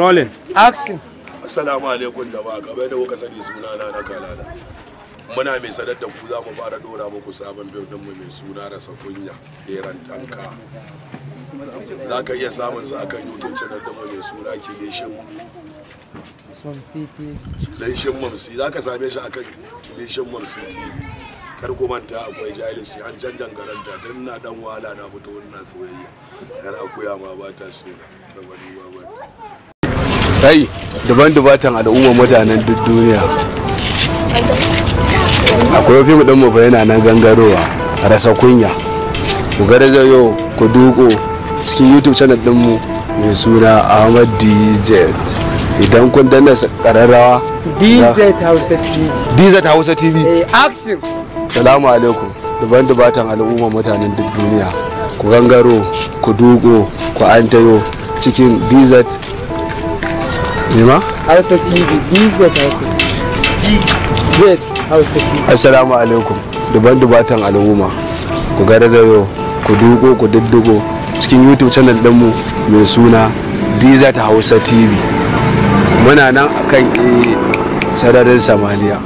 Rolling. Action. Assalamu alaikum jama'a kamar da kuka sani sunana na kalala. Muna mai sadar da ku za mu fara dora muku sabon bildin mu mai suna rasa kunya beran tanka. Za ka iya samun sa akan YouTube channel din mu mai suna Kilishin Mamsi TV. Kilishin Mamsi za ka same shi akan Kilishin Mamsi City. kar ku manta akwai jahilci an canjan garanta tun na dan wala na fito wannan soyayya kar akuya ma ba ta suna saboda ba ba kai daban dubatan al'ummar mutanen duk duniya akwai fim ɗin mu yana nan gangarowa rasa kunya ku yau ku duko cikin youtube channel ɗinmu mai suna ahmad dj idan kun danna kararrawa dz hausa tv dz hausa tv eh, action salamu alaikum daban dubatan al'ummar mutanen duk duniya ku gangaro ku duko ku antayo cikin dz Nima? Hausa TV, DZ Hausa TV. DZ Hausa TV. Assalamu alaikum. Duban dubatan al'umma. Ku yau ku duko, ku diddigo cikin YouTube channel ɗinmu mai suna DZ Hausa TV. Muna nan kan eh, sararin samaniya.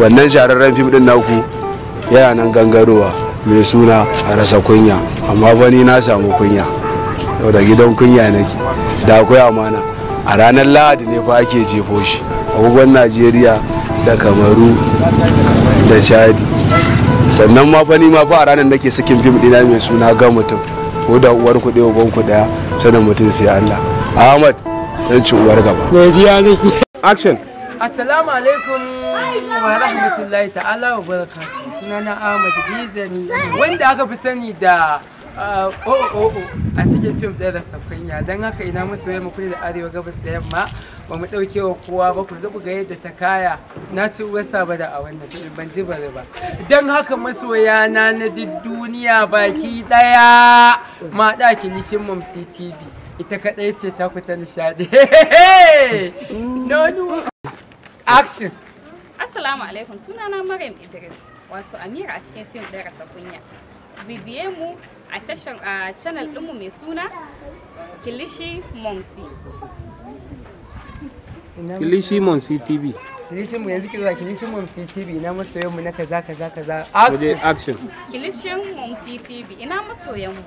Wannan shahararren fim ɗin naku yana nan gangarowa mai suna a rasa kunya amma fa ni na samu kunya yau da gidan kunya nake da akwai amana a ranar lahadi ne fa ake jefo shi abubuwan najeriya da kamaru da chadi sannan ma fani ma fa a ranar nake sakin fim dina mai suna ga mutum ko da uwar kuɗi uban ku daya sanin mutum sai allah ahmad dan ci uwar gaba action Assalamu alaikum wa rahmatullahi ta'ala wa barakatuh sunana Ahmad Gizani wanda aka fi sani da Uh, oh, oh, oh. a cikin fim ɗaya da sakwanya don haka ina musu mai da arewa gabas da yamma ba mu ɗauke wa kowa ba ku zaɓu ga yadda ta kaya na ci wasa ba da a wannan fim ban ji bari ba don haka masoya na na duk duniya baki ɗaya ma ɗaki lishin mamsi tv ita kaɗai ce ta kuta nishaɗi action assalamu alaikum sunana maryam idris wato amira a cikin fim ɗaya da kunya bibiye a tashan a channel ɗinmu mai suna kilishi monsi kilishi monsi tv kilishin mu yanzu kiwa kilishin Monsi tv ina masoyan mu na kaza kaza kaza action kilishin Monsi tv ina masoyan mu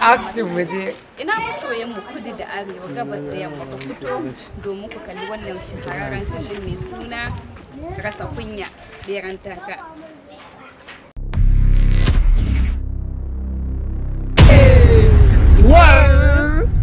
action waje ina masoyan mu kudu da arewa gabas da yamma ku fito domin ku kalli wannan shahararren kashin mai suna rasa kunya beran tanka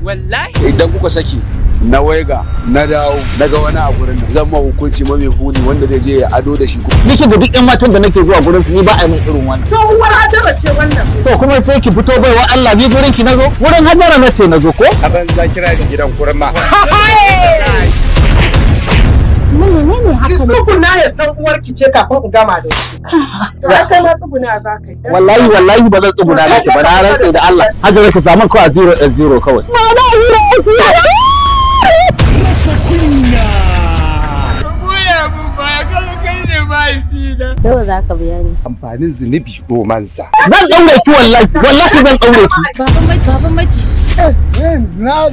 wallahi idan kuka saki na waiga na dawo daga wani a gurin nan zan ma hukunci mai huni wanda zai je ya ado da shi ku nake da duk yan matan da nake zuwa gurin su ni ba a min irin wannan to wani hadara ce wannan to kuma sai ki fito baiwa Allah ni gurin ki nazo gurin hadara na ce nazo ko a banza za kira ni gidan kurma eh! menene ne haka ne tsuguna ya san uwarki ce kafin ku gama da shi ya kai ma tsuguna za ka yi wallahi wallahi ba zan tsuguna naki ba na rantsa da Allah hajjara ka samu ko a 0 0 kawai ma na 0 0 Nawa za ka biya ni? Amfanin zunubi romansa. Zan ɗaure ki wallahi, wallahi zan ɗaure ki. Baban maci. Baban maci. Na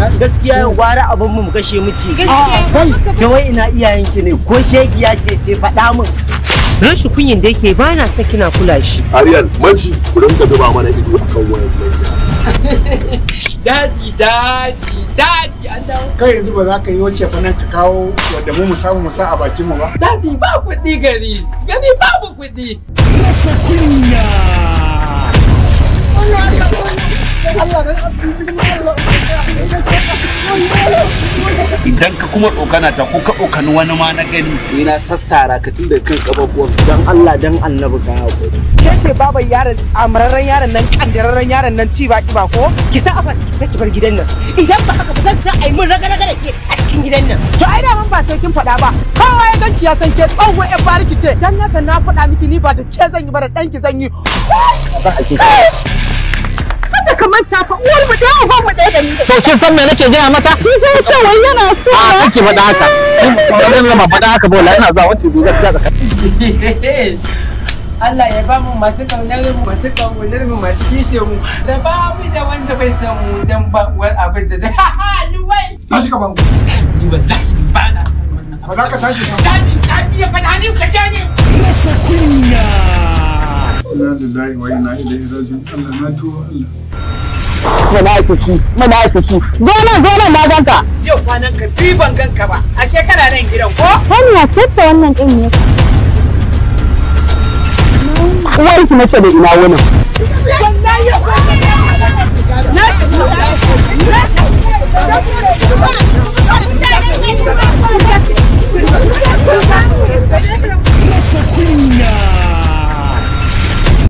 na Gaskiya yau gwara abin mu kashe mu ce. Gaskiya. Ah, Kawai ina iyayenki ne ko shegiya ke ce faɗa min. rashin kunyin da yake ba na son kina kula shi. Ariel, manci ku rinka zuba mana ido akan wayan nan. dadi daji, daji an Kai yanzu ba za ka yi wace fanan ka kawo wadda mu samu mu sa a bakin mu ba. Daji ba kuɗi gari, gari babu kuɗi. Rasa kunya. Allah Allah Allah Allah Allah Allah Allah Allah idan ka kuma tsokana ta ko ka tsokani wani ma na gani Ina sassara ka tun da kan kababuwan dan Allah dan annabi ka hakuri ke ce baban yaron amararren yaron nan kandararren yaron nan ci baki ba ko ki sa afa ki bar gidan nan idan ba haka ba zan sa ai mun raga raga da ke a cikin gidan nan to ai da mun ba sai kin faɗa ba kowa ya ganki ya san ke tsawo fara ki ce dan haka na faɗa miki ni ba da ke zan yi ba da ki zan yi ka manta fa uwar mu da to kin san me nake gaya mata kin san yana so a kike faɗa haka kin san ina bi gaskiya Allah ya ba mu masu kaunar mu masu kaunar mu masu kishe mu da ba mu da wanda bai san mu dan ba wani abin da zai ha luwai tashi ka bango ni wallahi ba na ba za ka tashi ka tashi ka biya fa da ni ka tani yes kunya inna lillahi wa inna ilaihi raji'un Allah na tuwo Allah Malaikiku, malaikiku, gona gona na ganka. Yau kwanan ka bi ban ganka ba, a shekara nan gidan ko? Hanya ce ce wannan din ne. ki nace da ina wani. Na shi, na ne. na shi.